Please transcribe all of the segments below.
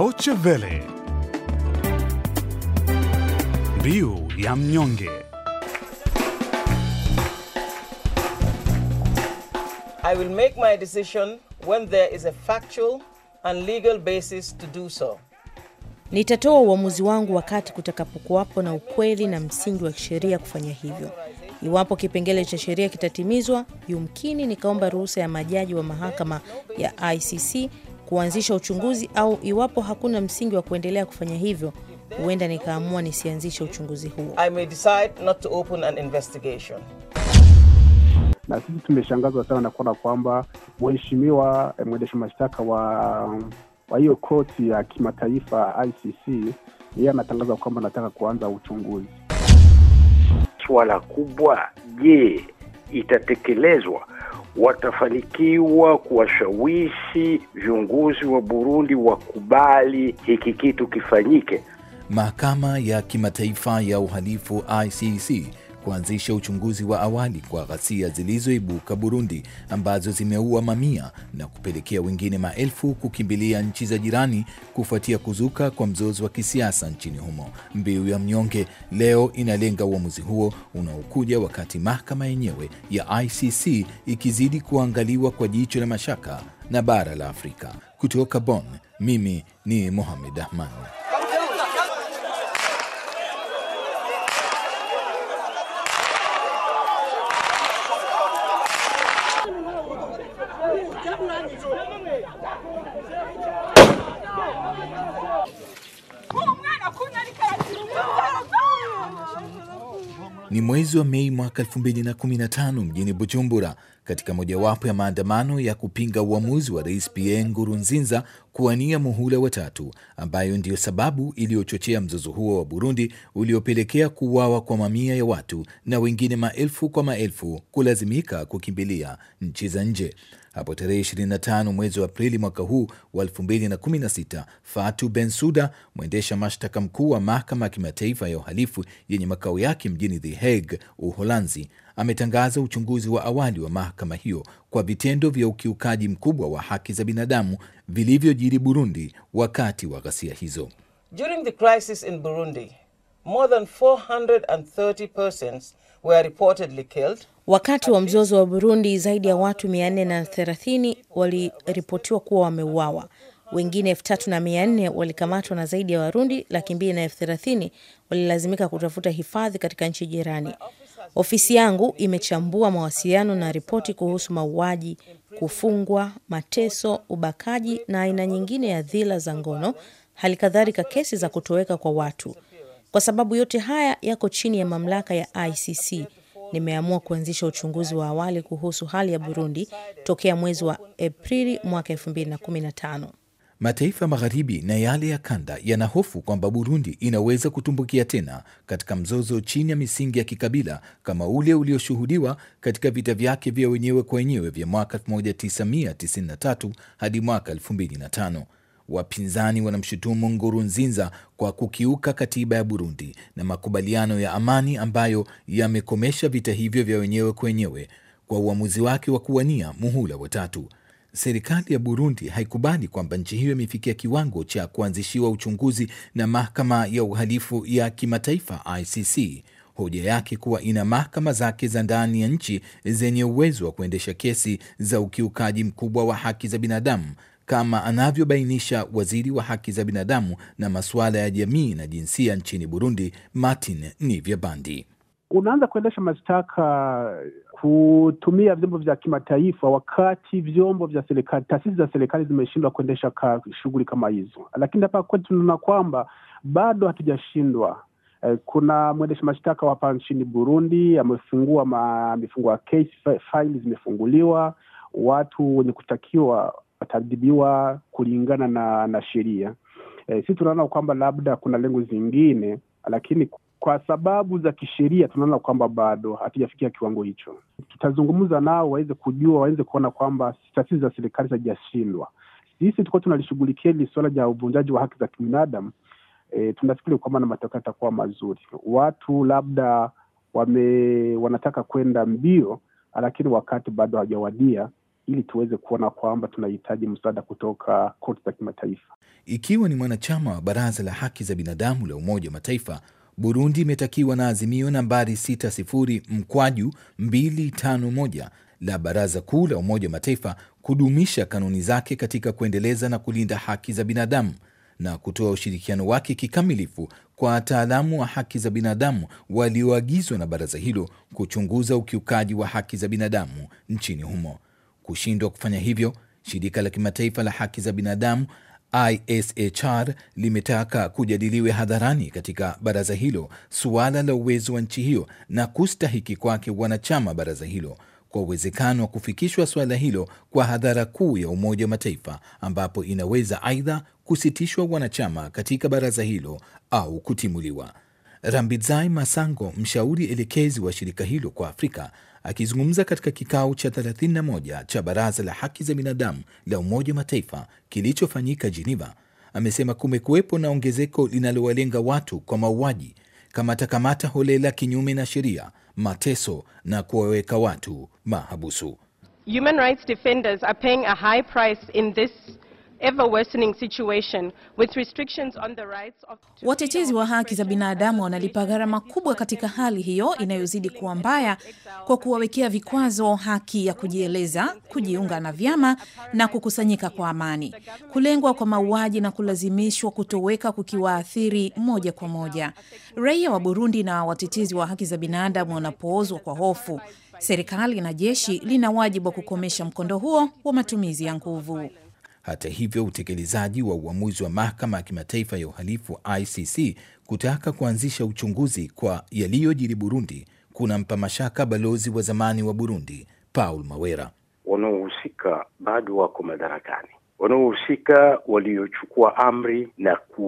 Deutsche Welle, mbiu ya mnyonge. I will make my decision when there is a factual and legal basis to do so. Nitatoa uamuzi wangu wakati kutakapokuwapo na ukweli na msingi wa kisheria kufanya hivyo. Iwapo kipengele cha sheria kitatimizwa, yumkini nikaomba ruhusa ya majaji wa mahakama ya ICC kuanzisha uchunguzi au iwapo hakuna msingi wa kuendelea kufanya hivyo, huenda nikaamua nisianzishe uchunguzi huo. I may decide not to open an investigation. Na sisi tumeshangazwa sana na kuona kwamba mheshimiwa eh, mwendesha mashtaka wa kwa hiyo koti ya kimataifa ICC yeye anatangaza kwamba anataka kuanza uchunguzi. Swala kubwa, je, itatekelezwa? watafanikiwa kuwashawishi viongozi wa Burundi wakubali hiki kitu kifanyike. Mahakama ya Kimataifa ya Uhalifu ICC e kuanzisha uchunguzi wa awali kwa ghasia zilizoibuka Burundi ambazo zimeua mamia na kupelekea wengine maelfu kukimbilia nchi za jirani kufuatia kuzuka kwa mzozo wa kisiasa nchini humo. Mbiu ya mnyonge leo inalenga uamuzi huo unaokuja wakati mahakama yenyewe ya ICC ikizidi kuangaliwa kwa jicho la mashaka na bara la Afrika. Kutoka Bonn, mimi ni Mohamed Ahmad. Ni mwezi wa Mei mwaka 2015 mjini Bujumbura katika mojawapo ya maandamano ya kupinga uamuzi wa Rais Pierre Nkurunziza kuwania muhula wa tatu, ambayo ndiyo sababu iliyochochea mzozo huo wa Burundi uliopelekea kuuawa kwa mamia ya watu na wengine maelfu kwa maelfu kulazimika kukimbilia nchi za nje. Hapo tarehe 25 mwezi wa Aprili mwaka huu wa 2016, Fatu Bensuda, mwendesha mashtaka mkuu wa mahakama ya kimataifa ya uhalifu yenye makao yake mjini The Hague, Uholanzi, ametangaza uchunguzi wa awali wa mahakama hiyo kwa vitendo vya ukiukaji mkubwa wa haki za binadamu vilivyojiri Burundi wakati wa ghasia hizo. During the crisis in Burundi, more than 430 persons were reportedly killed. Wakati wa mzozo wa Burundi zaidi ya watu 430 waliripotiwa kuwa wameuawa wengine elfu tatu na mia nne walikamatwa na zaidi ya Warundi laki mbili na elfu thelathini walilazimika kutafuta hifadhi katika nchi jirani. Ofisi yangu imechambua mawasiliano na ripoti kuhusu mauaji, kufungwa, mateso, ubakaji na aina nyingine ya dhila za ngono, hali kadhalika kesi za kutoweka kwa watu. Kwa sababu yote haya yako chini ya mamlaka ya ICC, nimeamua kuanzisha uchunguzi wa awali kuhusu hali ya Burundi tokea mwezi wa Aprili mwaka 2015. Mataifa magharibi na yale ya kanda yana hofu kwamba Burundi inaweza kutumbukia tena katika mzozo chini ya misingi ya kikabila kama ule ulioshuhudiwa katika vita vyake vya wenyewe kwa wenyewe vya mwaka 1993 hadi mwaka 2005. Wapinzani wanamshutumu Ngurunzinza kwa kukiuka katiba ya Burundi na makubaliano ya amani ambayo yamekomesha vita hivyo vya wenyewe kwa wenyewe kwa uamuzi wake wa kuwania muhula watatu. Serikali ya Burundi haikubali kwamba nchi hiyo imefikia kiwango cha kuanzishiwa uchunguzi na mahakama ya uhalifu ya kimataifa ICC, hoja yake kuwa ina mahakama zake za ndani ya nchi zenye uwezo wa kuendesha kesi za ukiukaji mkubwa wa haki za binadamu kama anavyobainisha waziri wa haki za binadamu na masuala ya jamii na jinsia nchini Burundi, Martin Nivyabandi. Unaanza kuendesha mashtaka kutumia vyombo vya kimataifa wakati vyombo vya serikali, taasisi za serikali zimeshindwa kuendesha shughuli kama hizo. Lakini hapa kwetu tunaona kwamba bado hatujashindwa. Eh, kuna mwendesha mashtaka hapa nchini Burundi amefungua ya kesi, faili zimefunguliwa, watu wenye kutakiwa watadhibiwa kulingana na, na sheria. Eh, sisi tunaona kwamba labda kuna lengo zingine, lakini kwa sababu za kisheria tunaona kwamba bado hatujafikia kiwango hicho tutazungumza nao waweze kujua, waweze kuona kwamba taasisi za serikali hazijashindwa. Sisi tukuwa tunalishughulikia hili suala la uvunjaji wa haki za kibinadamu. E, tunafikiri kwamba na matokeo yatakuwa mazuri. Watu labda wame wanataka kwenda mbio, lakini wakati bado hawajawadia ili tuweze kuona kwamba tunahitaji msaada kutoka koti za kimataifa. Ikiwa ni mwanachama wa Baraza la Haki za Binadamu la Umoja wa Mataifa, Burundi imetakiwa na azimio nambari 60 mkwaju 251 la Baraza Kuu la Umoja wa Mataifa kudumisha kanuni zake katika kuendeleza na kulinda haki za binadamu na kutoa ushirikiano wake kikamilifu kwa wataalamu wa haki za binadamu walioagizwa na baraza hilo kuchunguza ukiukaji wa haki za binadamu nchini humo. Kushindwa kufanya hivyo, shirika la kimataifa la haki za binadamu ISHR limetaka kujadiliwe hadharani katika baraza hilo suala la uwezo wa nchi hiyo na kustahiki kwake wanachama baraza hilo kwa uwezekano wa kufikishwa suala hilo kwa hadhara kuu ya Umoja wa Mataifa, ambapo inaweza aidha kusitishwa wanachama katika baraza hilo au kutimuliwa. Rambizai Masango, mshauri elekezi wa shirika hilo kwa Afrika, akizungumza katika kikao cha 31 cha Baraza la Haki za Binadamu la Umoja wa Mataifa kilichofanyika Geneva, amesema kumekuwepo na ongezeko linalowalenga watu kwa mauaji, kamata kamata holela kinyume na sheria, mateso na kuwaweka watu mahabusu. Human rights defenders are paying a high price in this Watetezi wa haki za binadamu wanalipa gharama kubwa katika hali hiyo inayozidi kuwa mbaya kwa kuwawekea vikwazo haki ya kujieleza, kujiunga na vyama na kukusanyika kwa amani, kulengwa kwa mauaji na kulazimishwa kutoweka kukiwaathiri moja kwa moja. Raia wa Burundi na watetezi wa haki za binadamu wanapoozwa kwa hofu, serikali na jeshi lina wajibu wa kukomesha mkondo huo wa matumizi ya nguvu. Hata hivyo, utekelezaji wa uamuzi wa mahakama ya kimataifa ya uhalifu ICC kutaka kuanzisha uchunguzi kwa yaliyojiri Burundi kunampa mashaka balozi wa zamani wa Burundi Paul Mawera. Wanaohusika bado wako madarakani, wanaohusika waliochukua amri na ku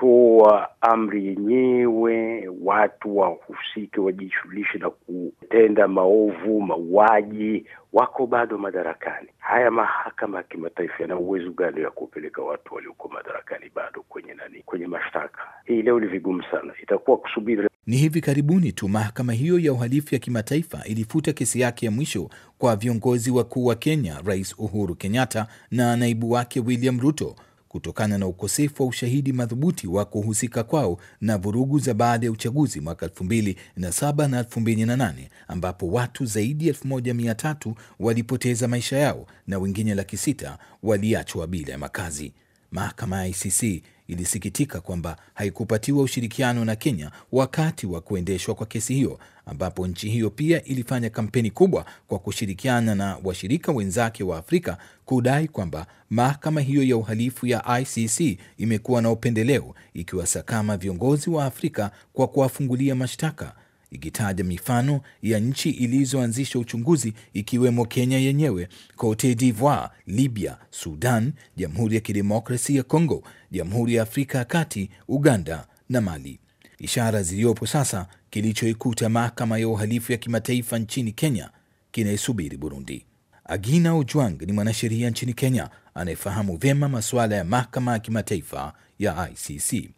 kutoa amri yenyewe, watu wahusike wajishughulishe na kutenda maovu, mauaji, wako bado madarakani. Haya mahakama ya kimataifa yana uwezo gani ya kupeleka watu walioko madarakani bado kwenye nani, kwenye mashtaka? Hii leo ni vigumu sana, itakuwa kusubiri. Ni hivi karibuni tu mahakama hiyo ya uhalifu ya kimataifa ilifuta kesi yake ya mwisho kwa viongozi wakuu wa Kenya, Rais Uhuru Kenyatta na naibu wake William Ruto kutokana na ukosefu wa ushahidi madhubuti wa kuhusika kwao na vurugu za baada ya uchaguzi mwaka 2007 na 2008 ambapo watu zaidi ya 1300 walipoteza maisha yao na wengine laki sita waliachwa bila ya makazi. Mahakama ya ICC ilisikitika kwamba haikupatiwa ushirikiano na Kenya wakati wa kuendeshwa kwa kesi hiyo, ambapo nchi hiyo pia ilifanya kampeni kubwa kwa kushirikiana na washirika wenzake wa Afrika kudai kwamba mahakama hiyo ya uhalifu ya ICC imekuwa na upendeleo, ikiwasakama viongozi wa Afrika kwa kuwafungulia mashtaka ikitaja mifano ya nchi ilizoanzisha uchunguzi ikiwemo Kenya yenyewe, Cote d'Ivoire, Libya, Sudan, Jamhuri ya Kidemokrasi ya congo Jamhuri ya Afrika ya Kati, Uganda na Mali. Ishara ziliyopo sasa, kilichoikuta mahakama ya uhalifu ya kimataifa nchini Kenya kinaisubiri Burundi. Agina Ojwang ni mwanasheria nchini Kenya anayefahamu vyema masuala ya mahakama ya kimataifa ya ICC.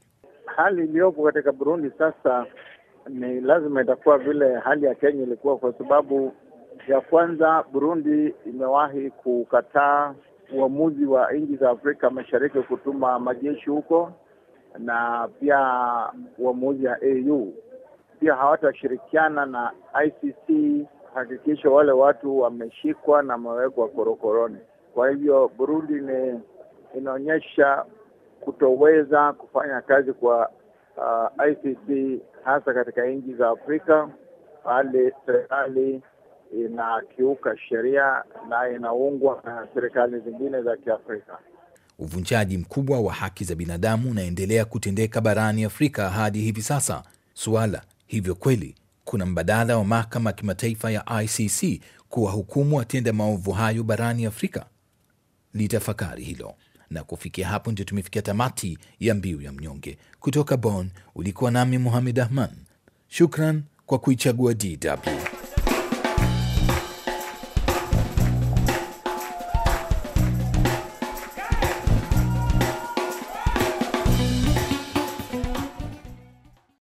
Hali iliyopo katika Burundi sasa ni lazima itakuwa vile hali ya Kenya ilikuwa, kwa sababu ya kwanza, Burundi imewahi kukataa uamuzi wa nchi za Afrika Mashariki kutuma majeshi huko, na pia uamuzi ya AU pia hawatashirikiana na ICC hakikisha wale watu wameshikwa na wamewekwa korokoroni. Kwa hivyo Burundi ni inaonyesha kutoweza kufanya kazi kwa uh, ICC hasa katika nchi za Afrika pale serikali inakiuka sheria na inaungwa na serikali zingine za Kiafrika. Uvunjaji mkubwa wa haki za binadamu unaendelea kutendeka barani Afrika hadi hivi sasa. Suala hivyo kweli kuna mbadala wa mahakama ya kimataifa ya ICC kuwahukumu watenda maovu hayo barani Afrika? Litafakari hilo na kufikia hapo ndio tumefikia tamati ya Mbiu ya Mnyonge. Kutoka bon ulikuwa nami Muhamed Ahman, shukran kwa kuichagua DW.